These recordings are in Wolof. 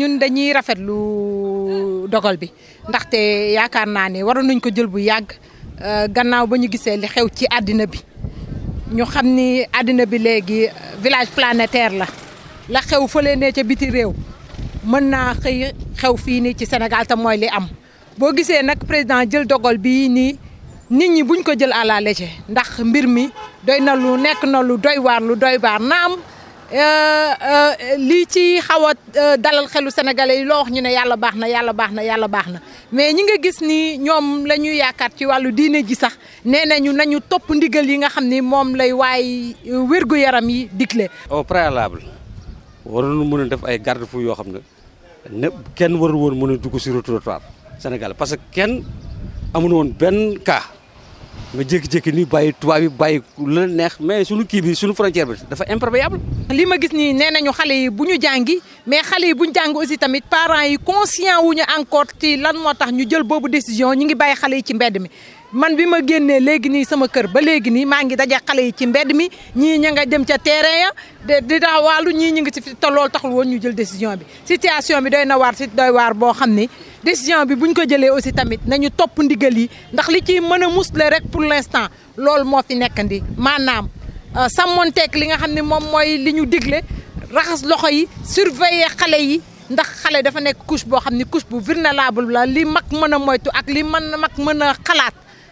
ñun dañuy rafetlu dogal bi ndaxte yaakaar naa ni waroon nañ ko jël bu yàgg euh, gannaaw ba ñu gisee li xew ci àddina bi ñu xam ni àddina bi léegi euh, village planétaire la la xew fële ne ci biti réew mën naa xëy xew fii nii ci Sénégal te mooy li am boo gisee nag président jël dogal bi nii nit ñi buñ ko jël à la légère ndax mbir mi doy na lu nekk na lu doy waar lu doy waar naam Euh, euh, lii ci xaw a euh, dalal xelu sénégalais yi loo wax ñu ne yàlla baax na yàlla baax na yàlla baax na mais ñi nga gis ni ñoom la ñuy yaakaar ci wàllu diine ji sax nee nañu nañu topp ndigal yi nga xam ni moom lay waaye wérgu yaram yi digle. au préalable waroon mën a def ay garde-fou yoo xam ne kenn warul woon mën a dugg sur le trottoir parce que kenn amul woon benn cas. nga jékki-jékki ni bàyyi tubaab yi bàyyi la neex mais suñu kii bi suñu frontière bi dafa ba imperméable. li ma gis nii nee nañu xale yi bu ñu jàngi mais xale yi bu ñu jàng aussi tamit parents yi conscient wu ñu encore ci lan moo tax ñu jël boobu décision ñu ngi bàyyi xale yi ci mbedd mi. man bi ma génnee léegi nii sama kër ba léegi nii maa ngi daje xale yi ci mbedd mi ñii ña nga dem ca terrain ya de di daawaalu ñii ñu ngi ci te loolu taxul woon ñu jël décision bi situation bi doy na waar si doy waar boo xam ni décision bi bu ñu ko jëlee aussi tamit nañu topp ndigal yi ndax li ci mën a musle rek pour l'instant loolu moo fi nekkandi maanaam euh, sàmmonteeg li nga xam ne moom mooy li ñu digle raxas loxo yi surveiller xale yi ndax xale dafa nekk couche boo xam ni couche bu vulnérable la li mag mën a moytu ak li mën mag mën a xalaat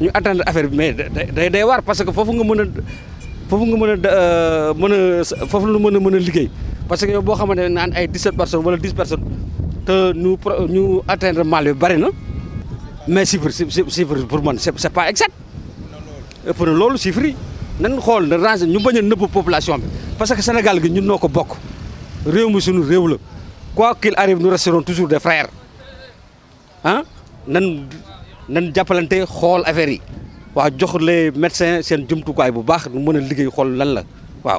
ñu attendre affaire bi mais day day war parce que fofu nga mën a foofu nga mën a euh, mën a foofu la mën a mën a liggéey parce que yow boo xamante ne naan ay 17 personnes wala 10 personnes te ñu ñu atteindre mal yu bari na mais chiffre chiffre pour man c'est pas exact pour loolu chiffre yi nan xool na range ñu bañ a nëbb population bi parce que Sénégal gi ñun noo ko bokk réew mi suñu réew la quoi qu'il arrive nous resterons toujours des frères ah nan nañ jàppalante xool affaire yi waaw jox les médecins bu baax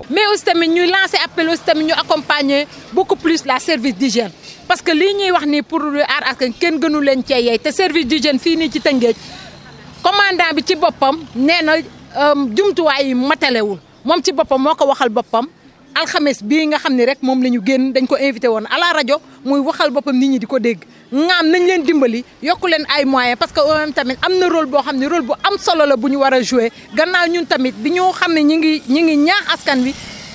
mais aussi tamit ñuy lancer appel accompagner beaucoup plus la service d'hygiène parce que lii ñuy wax pour aar askan kenn gënu leen yey service d'hygiène ci commandant bi ci boppam nee na euh, jumtuwaay yi matalewul ci alxames bii nga xam ne rek moom la ñu génn dañ ko invité woon à rajo muy waxal boppam nit ñi di ko dégg ngaam nañ leen dimbali yokk leen ay moyens parce que OM tamit am na rôle boo xam ne rôle bu am solo la bu ñu war a jouer gannaaw ñun tamit bi ñoo xam ne ñi ngi ñi ngi ñaax askan wi